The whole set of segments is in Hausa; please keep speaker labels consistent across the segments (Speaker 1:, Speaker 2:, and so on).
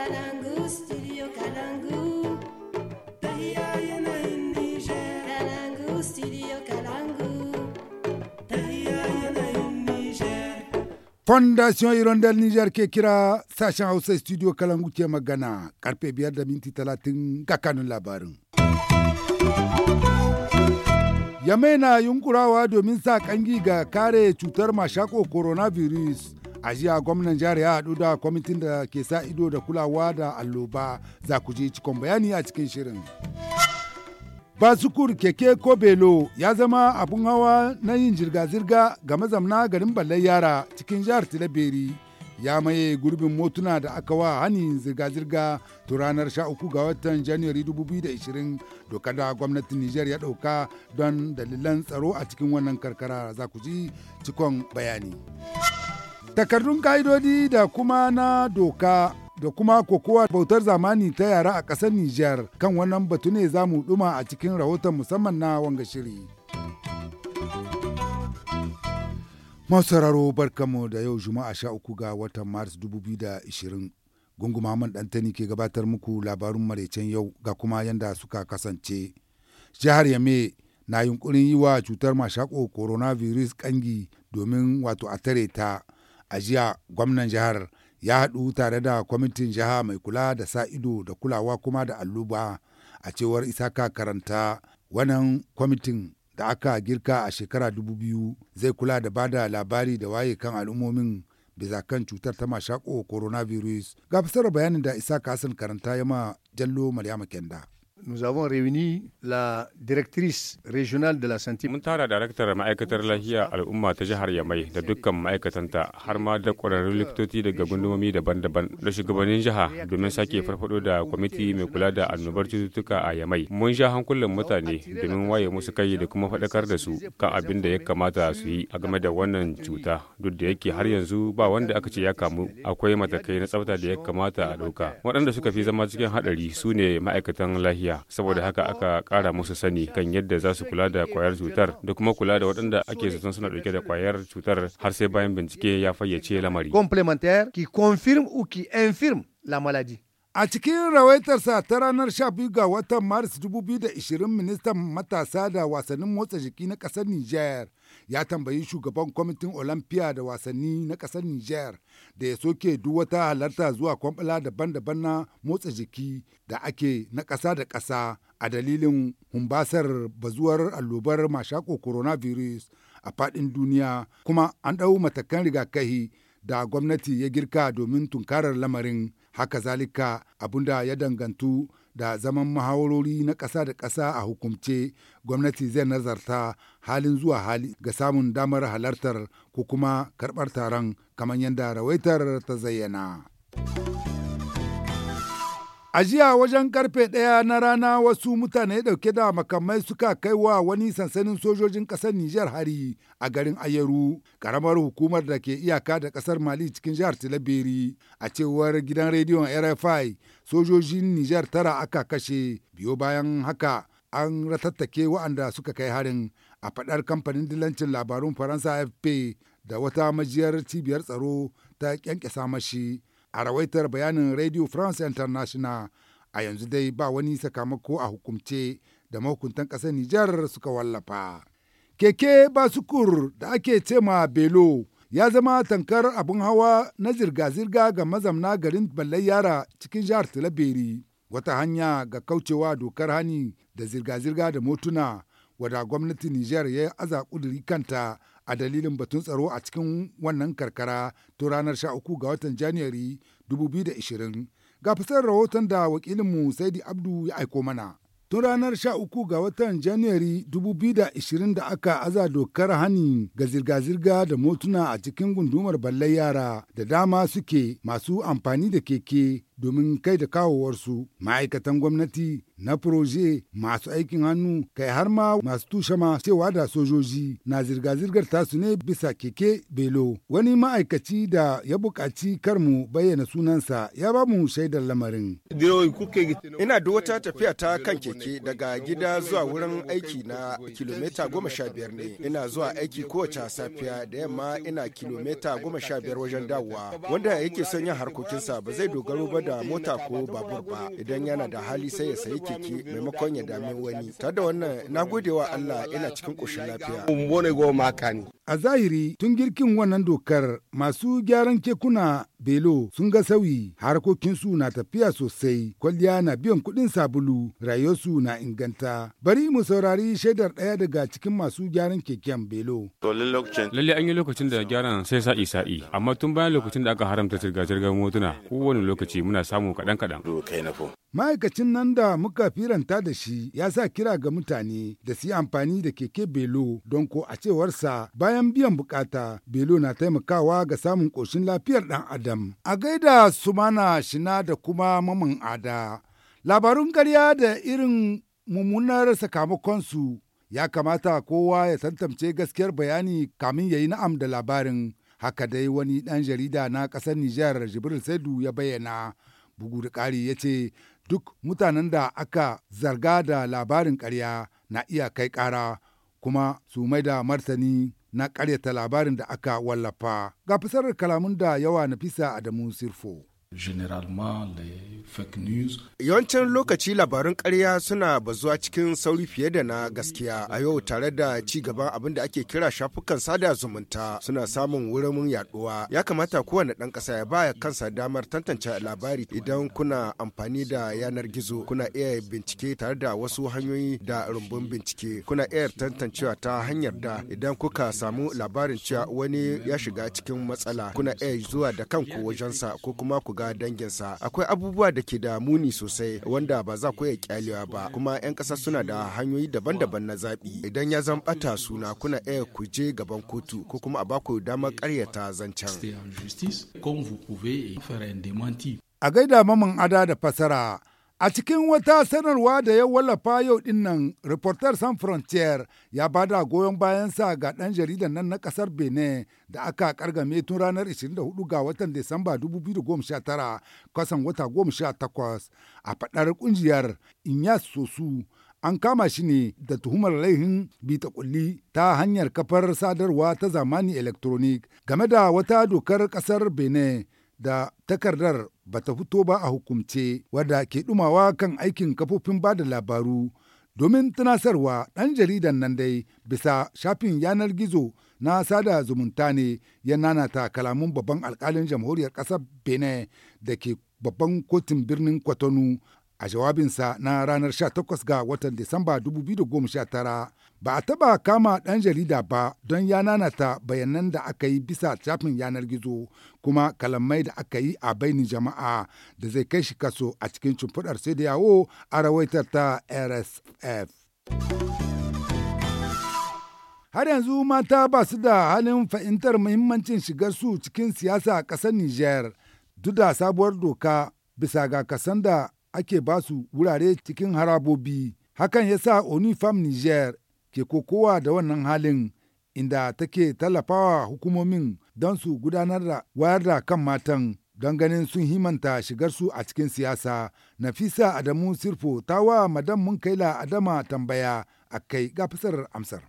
Speaker 1: Kalangu, studio Kalangu.
Speaker 2: Fondation Hirondel Niger ke kira sashen Hausa studio Kalangu ke magana karfe biyar da minti talatin ga kanun labarin. Yamai na yunkurawa domin sa kangi ga kare cutar mashako coronavirus. a jiya gwamnan jihar ya haɗu da kwamitin da ke sa ido da kulawa da alloba za ku je cikon bayani a cikin shirin basukur keke ko belo ya zama abun hawa na yin zirga-zirga ga mazamna garin ballar yara cikin jihar tilaberi ya maye gurbin motuna da aka wa hanin zirga-zirga to ranar 13 ga watan january 2020 doka da gwamnatin niger ya ɗauka don dalilan tsaro a cikin wannan karkara za ku ji cikon bayani. Takardun ka'idodi da kuma na doka da kuma kokowa bautar zamani ta yara a ƙasar Nijar kan wannan batu ne za mu ɗuma a cikin rahoton musamman na wanga shiri. Masararo barkamu da yau Juma'a sha uku ga watan Maris 2020. Gungu Muhammad ɗantani ke gabatar muku labarun maraicen yau ga kuma yanda suka kasance. Jihar Yame na yunkurin yi wa cutar mashako coronavirus kangi domin wato a tare ta a jiya gwamnan jihar ya haɗu tare da kwamitin jiha mai kula da sa ido da kulawa kuma da alluba a cewar isaka karanta wannan kwamitin da aka girka a shekara dubu biyu zai kula da bada labari da waye kan al'ummomin bisa kan cutar ta mashako coronavirus ga fasarar bayanin da isaka hassan karanta ma jallo maryama kenda
Speaker 3: nous avons réuni la directrice régionale de la santé. Mun tara daraktar ma'aikatar lahiya al'umma ta jihar Yamai da dukkan ma'aikatanta har ma da kwararrun likitoci daga gundumomi daban-daban da shugabannin jiha domin sake farfado da kwamiti mai kula da annobar cututtuka a Yamai. Mun sha hankulan mutane domin waye musu kai da kuma faɗakar da su kan abin da ya kamata su yi a game da wannan cuta duk da yake har yanzu ba wanda aka ce ya kamu akwai matakai na tsafta da ya kamata a ɗauka. Waɗanda suka fi zama cikin haɗari su ne ma'aikatan lafiya. lafiya saboda haka aka ƙara musu sani kan yadda za su kula da kwayar cutar da kuma kula da waɗanda ake zaton suna ɗauke da kwayar cutar har sai bayan bincike ya fayyace lamari.
Speaker 2: Complémentaire qui confirme ou qui infirme la maladie. A cikin rawaitarsa ta ranar 12 ga watan Maris 2020 ministan matasa da wasannin motsa jiki na ƙasar Nijar ya tambayi shugaban kwamitin Olamfiya da wasanni na ƙasar Nijar da ya soke duk wata halarta zuwa kwamfula daban-daban na motsa jiki da ake na ƙasa da ƙasa a dalilin humbasar bazuwar allobar mashako coronavirus a faɗin duniya kuma an ɗau matakan rigakahi da gwamnati ya girka domin tunkarar lamarin haka zalika abunda ya dangantu da zaman mahawarori na ƙasa da ƙasa a hukumce gwamnati zai nazarta halin zuwa hali ga samun damar halartar ko kuma karɓar taron kamar yadda rawaitar ta zayyana. A jiya wajen karfe ɗaya na rana wasu mutane ɗauke da makamai suka kai wa wani sansanin sojojin ƙasar Nijar hari a garin Ayeru, ƙaramar hukumar da ke iyaka da ƙasar Mali cikin jihar Tilaberi. A cewar gidan rediyon RFI, sojojin Nijar tara aka kashe, biyo bayan haka an ratattake wa'anda suka kai harin a faɗar kamfanin dilancin labarun Faransa Fp da wata majiyar cibiyar tsaro ta kyankyasa mashi. a rawaitar bayanin radio france international a yanzu dai ba wani sakamako a hukumce da mahukuntan ƙasar nijar suka wallafa keke basukur da ake cema belo ya zama tankar abin hawa na zirga-zirga ga mazamna garin ballai yara cikin jihar talabiri wata hanya ga kaucewa dokar hani da zirga-zirga da motuna wadda gwamnatin nijar ya aza kuduri kanta a dalilin batun tsaro a cikin wannan karkara to ranar 13 ga watan Janairu 2020. Ga fasar rahoton da wakilinmu Saidi Abdu ya aiko mana. Tun ranar 13 ga watan Janairu 2020 da aka aza dokar hani ga zirga-zirga da motuna a cikin gundumar ballar yara da dama suke masu amfani da keke domin kai da kawowarsu ma'aikatan gwamnati na proje masu aikin hannu kai har ma masu tushe ma cewa da sojoji na zirga-zirgar tasu ne bisa keke belo wani ma'aikaci da ya buƙaci kar mu bayyana sunansa ya ba mu shaidar lamarin
Speaker 1: ina da wata tafiya ta kan keke daga gida zuwa wurin aiki na kilomita goma sha biyar ne ina zuwa aiki kowace safiya da yamma ina kilomita goma sha biyar wajen dawowa wanda yake son yin harkokinsa ba zai dogaro ba da mota ko babur ba idan yana da hali sai ya sayi keke maimakon ya dami wani. ta da wannan na gode wa Allah ina cikin ƙoshin lafiya.
Speaker 2: A zahiri tun girkin wannan dokar masu gyaran kekuna belo sun ga sauyi harkokinsu na tafiya sosai kwalliya na biyan kudin sabulu rayuwarsu na inganta bari mu saurari shaidar daya daga cikin masu gyaran keken belo.
Speaker 3: Lalle an yi lokacin da gyaran sai sa'i sa'i amma tun bayan lokacin da aka haramta zirga-zirgar motuna kowane lokaci muna samu kaɗan-kaɗan.
Speaker 2: Ma'aikacin nan da muka firanta da shi ya sa kira ga mutane da su yi amfani da keke belo don ko a cewarsa bayan kayan biyan bukata belu na taimakawa ga samun ƙoshin lafiyar ɗan adam a gaida sumana shina da kuma maman ada labarun karya da irin mummunar sakamakonsu ya kamata kowa ya tantance gaskiyar bayani kamin ya yi na'am da labarin haka dai wani ɗan jarida na ƙasar Nijar Jibril Saidu ya bayyana bugu da ƙari ya ce duk mutanen da aka zarga da labarin karya na iya kai ƙara kuma su mai da martani na ƙaryata labarin da aka wallafa. Ga fasarar kalamun da yawa Nafisa Adamu Sirfo. Yawancin lokaci labarun karya suna
Speaker 1: bazuwa cikin sauri fiye da na gaskiya a yau tare da ci gaban abin da ake kira shafukan sada zumunta suna samun wurin yaduwa. Ya kamata kowane ɗan ƙasa ya baya kansa damar tantance labari idan kuna amfani da yanar gizo kuna iya bincike tare da wasu hanyoyi da rumbun bincike kuna iya tantancewa ta hanyar da idan kuka samu labarin cewa wani ya shiga cikin matsala kuna iya zuwa da kanku wajensa ko kuma ku ga danginsa akwai abubuwa da ke da muni sosai wanda ba za ku iya kyalewa ba kuma 'yan ƙasa suna da hanyoyi daban-daban na zaɓi idan ya zan ɓata suna kuna iya ku je gaban kotu ko kuma a baku damar ƙaryata zancen.
Speaker 2: A gaida maman ada da fasara A cikin wata sanarwa da ya wallafa yau dinnan, Reporter San Frontier ya bada goyon bayansa ga ɗan jaridan nan na ƙasar Benin da aka ƙargame tun ranar 24 ga watan Disamba 2019 kasan wata 18 a faɗar ƙungiyar Inyas Sosu an kama shi ne da tuhumar laihin bita kulli ta hanyar kafar sadarwa ta zamani electronic game da wata dokar ƙasar benin da takardar ba ta fito ba a hukumce wadda ke dumawa kan aikin kafofin ba da labaru domin tunasarwa ɗan jaridan nan dai bisa shafin yanar gizo na sada zumunta ne ya nanata kalamun babban alkalin jamhuriyar ƙasar benin da ke babban kotun birnin kwatano a jawabinsa na ranar 18 ga watan Disamba 2019 Ba a taɓa kama ɗan jarida ba don ya nanata bayanan da aka yi bisa shafin yanar gizo kuma kalamai da aka yi a bainin jama'a da zai kai shi kaso a cikin cimfudar sai da yawo a rawaitar ta RSF. har yanzu mata ba su da halin fahimtar muhimmancin shigar su cikin siyasa a ƙasar Niger duk da sabuwar doka bisa ga kasan da ake ba su wurare cikin harabobi. Hakan ya sa Onifam Niger. ke kokowa da wannan halin inda take tallafawa hukumomin don su gudanar da wayar da kan matan don ganin sun himanta shigar su a cikin siyasa. Nafisa Adamu Sirfo ta wa Madam Munkaila Adama tambaya a kai gafisar amsar.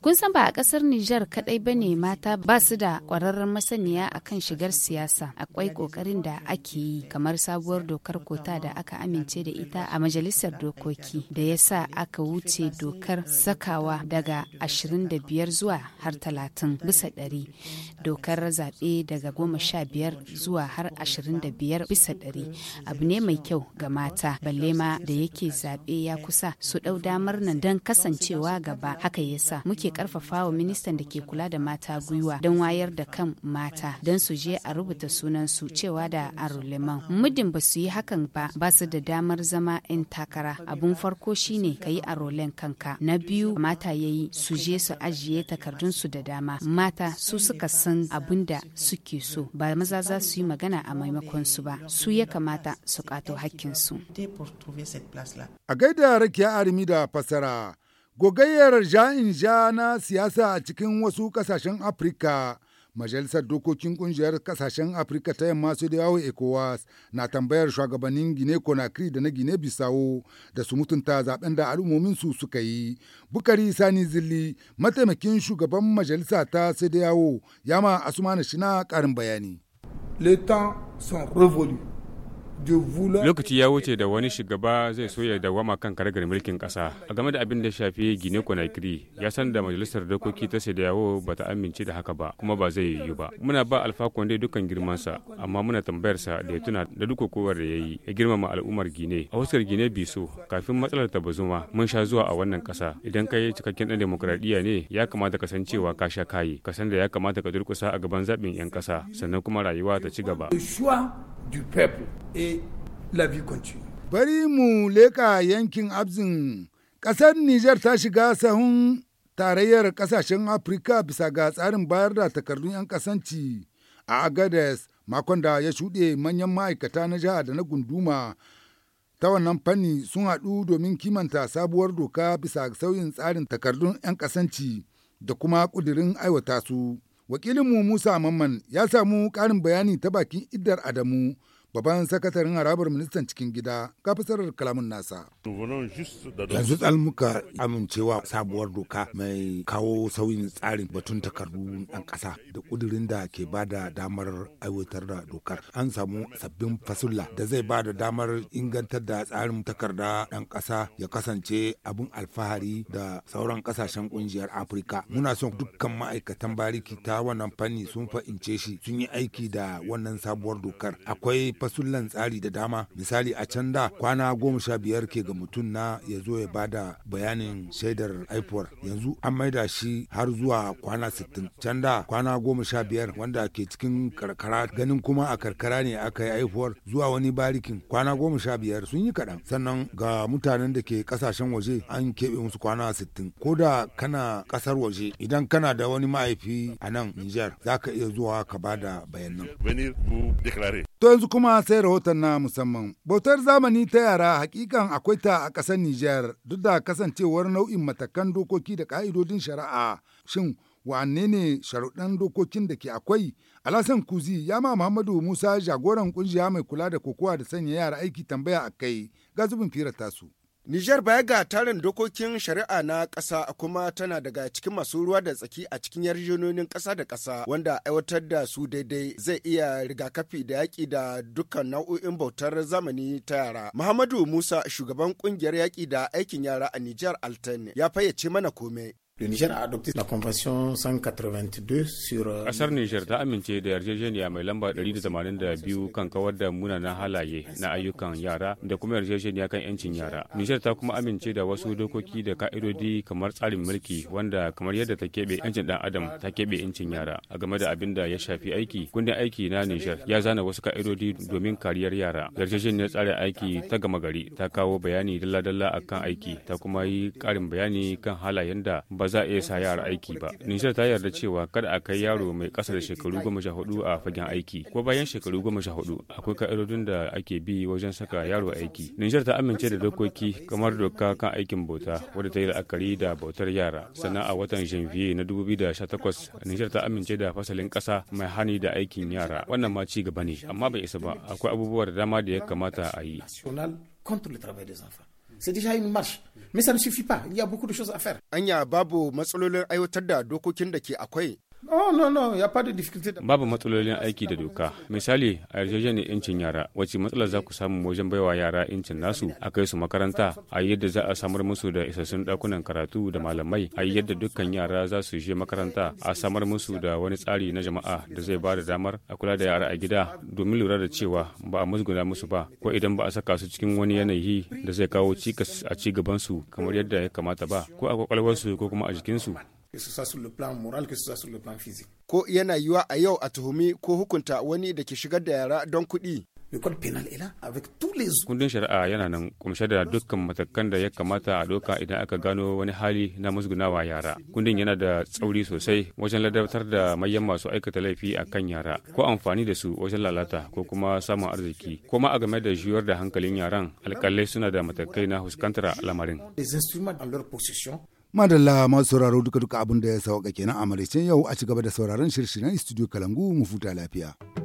Speaker 4: Kun san ba a ƙasar Nijar kaɗai ba ne mata ba su da ƙwararren masaniya a kan shigar siyasa. Akwai ƙoƙarin da ake yi kamar sabuwar dokar kota da aka amince da ita a majalisar dokoki da ya sa aka wuce dokar sakawa daga 25 zuwa har 30 bisa ɗari. Dokar zaɓe daga 15 zuwa har 25 bisa ɗari. Abu ne mai kyau ga mata balle ma da yake zaɓe ya kusa su ɗau damar nan don kasancewa gaba haka yasa muke karfafa wa ministan da ke kula da mata gwiwa don wayar da kan mata don su je a rubuta sunan su. cewa da aruleman muddin ba su yi hakan ba ba su da damar zama 'yan takara abun farko shine ka yi arolen kanka na biyu mata ya yi su je su ajiye takardun su da dama mata su suka san abun da suke so ba maza za su yi magana a maimakon su ba su ya kamata su kato hakkinsu
Speaker 2: a gaida rakiya arimi da fasara Gogayyar ja-in-ja na siyasa a cikin wasu kasashen Afirka. Majalisar Dokokin Ƙungiyar kasashen Afirka ta Yamma su da yawo ECOWAS na tambayar shugabannin Gine Conakry da na Gine Bisawo da su mutunta zaben da al'ummomin su suka yi. Bukari Sani Zilli, mataimakin shugaban majalisa ta sai da yawo, yama Asumani Shina ƙarin bayani. Les temps sont revolus.
Speaker 3: Lokaci ya wuce da wani shugaba zai soya da wama kan karagar mulkin kasa. A game da abin da shafi Gine Conakry, ya san da majalisar dokoki ta yawo ba ta amince da haka ba, kuma ba zai yiwu ba. Muna ba Alfa Konde dukkan girmansa, amma muna tambayarsa da ya tuna da duk kowar da ya yi, ya girmama al'ummar Gine. A wasu Gine biso, kafin matsalar ta bazuma, mun sha zuwa a wannan kasa. Idan kai cikakken ɗan demokradiyya ne, ya kamata ka san cewa ka sha kayi, ka san da ya kamata ka durkusa a gaban zaɓin 'yan kasa, sannan kuma rayuwa ta ci gaba. du peuple et la vie continue.
Speaker 2: Bari mu leka yankin Abzin, ƙasar niger ta shiga sahun tarayyar kasashen Afirka bisa ga tsarin bayar da takardun 'yan kasanci a Agades makon da ya shuɗe manyan ma'aikata na jiha da na gunduma ta wannan fanni sun haɗu domin kimanta sabuwar doka bisa sauyin tsarin takardun 'yan kasanci da kuma ƙudirin aiwata su. Wakilinmu Musa Mamman ya samu ƙarin bayani ta bakin Iddar Adamu Babban sakataren harabar ministan cikin gida ga fasarar kalamin nasa. Yanzu tsalmuka amincewa sabuwar doka mai kawo sauyin tsarin batun takardu ɗan ƙasa da ƙudurin da ke ba da damar aiwatar da dokar. An samu sabbin fasulla da zai ba da damar ingantar da tsarin takarda ɗan ƙasa ya kasance abin alfahari da sauran ƙasashen ƙungiyar Afirka. Muna son dukkan ma'aikatan bariki ta wannan fanni sun fahimce shi sun yi aiki da wannan sabuwar dokar. Akwai fasullan tsari da dama misali a can da kwana goma sha biyar ke ga mutum na ya zo ya ba da bayanin shaidar haifuwar yanzu an maida shi har zuwa kwana sittin can da kwana goma sha biyar wanda ke cikin karkara ganin kuma a karkara ne aka yi haifuwar zuwa wani barikin kwana goma sha biyar sun yi kaɗan sannan ga mutanen da ke kasashen waje an keɓe musu kwana sittin ko da kana ƙasar waje idan kana da wani ma'aifi a nan Nijar za ka iya zuwa ka ba bada bayanan. To yanzu kuma sai rahoton na musamman. Bautar zamani ta yara hakikan akwai ta a ƙasar Nijar duk da kasancewar nau'in matakan dokoki da ƙa'idodin shari'a. Shin wa'anne ne sharuɗan dokokin da ke akwai? Alhassan Kuzi ya ma Muhammadu Musa jagoran ƙungiya mai kula da kokowa da sanya yara aiki tambaya a kai ga zubin firar tasu. Nijar baya ga tarin dokokin shari'a na ƙasa kuma tana daga cikin masu
Speaker 1: ruwa da tsaki a cikin yarjejenonin ƙasa da ƙasa wanda aiwatar da su daidai zai iya rigakafi da yaƙi da dukkan nau'o'in bautar zamani ta yara. Muhammadu Musa shugaban ƙungiyar yaƙi da aikin yara a Nijar Alten ya fayyace mana komai. a adopté la convention 182 Ƙasar
Speaker 3: euh, niger ta amince da yarjejeniya mai lamba biyu kan kawar da munanan halaye na ayyukan yara da kuma yarjejeniya kan 'yancin yara. Nijar ta kuma amince da wasu dokoki da ka'idodi kamar tsarin mulki wanda kamar yadda ta keɓe 'yancin ɗan adam ta keɓe 'yancin yara. A game da abin da ya shafi aiki, kundin aiki na Nijar ya zana wasu ka'idodi domin kariyar yara. Yarjejeniyar tsarin aiki ta gama gari ta kawo bayani dalla-dalla akan aiki ta kuma yi ƙarin bayani kan halayen da ba za a iya sa yara aiki ba. Nijar ta yarda cewa kada a kai yaro mai ƙasa da shekaru goma sha hudu a fagen aiki. Ko bayan shekaru goma sha hudu akwai ka'idodin da ake bi wajen saka yaro aiki. Nijar ta amince da dokoki kamar doka kan aikin bauta wadda ta yi la'akari da bautar yara. Sannan a watan Janvier na 2018 Nijar ta amince da fasalin ƙasa mai hani da aikin yara. Wannan ma ci gaba ne amma bai isa ba akwai abubuwa da dama da ya kamata a yi.
Speaker 1: c'est déjà une marche mais ça ne suffit pas il y a beaucoup de choses à faire anya babu matsalolin aiwatar da dokokin da ke akwai Oh,
Speaker 3: Babu matsalolin aiki da doka. Misali, a yarjejeniyar yancin yara, wacce matsalar za ku samu wajen baiwa yara yancin nasu, a kai su makaranta, a yadda za a samar musu da isassun dakunan karatu da malamai, a yadda dukkan yara za su je makaranta, a samar musu da wani tsari na jama'a da zai ba da damar a kula da yara a gida domin lura da cewa ba a musguna musu ba, ko idan ba a saka su cikin wani yanayi da zai kawo cikas a ci gabansu kamar yadda ya kamata ba, ko a kwakwalwarsu ko kuma a jikinsu. que ce soit
Speaker 1: le plan moral, que ce soit le plan physique. Ko yana yiwa a yau a tuhumi ko hukunta wani da ke shigar da yara don kuɗi.
Speaker 3: Kundin shari'a yana nan kumshe da dukkan matakan da ya kamata a doka idan aka gano wani hali na musgunawa yara. Kundin yana da tsauri sosai wajen ladabtar da mayan masu aikata laifi a kan yara, ko amfani da su wajen lalata ko kuma samun arziki. Ko ma a game da juyar da hankalin yaran, alkalai suna da matakai na huskantar lamarin.
Speaker 2: madalla masu sauraro duka duka abin da ya sauka kenan a maraicen yau a cigaba da sauraron shirye studio kalangu mu futa lafiya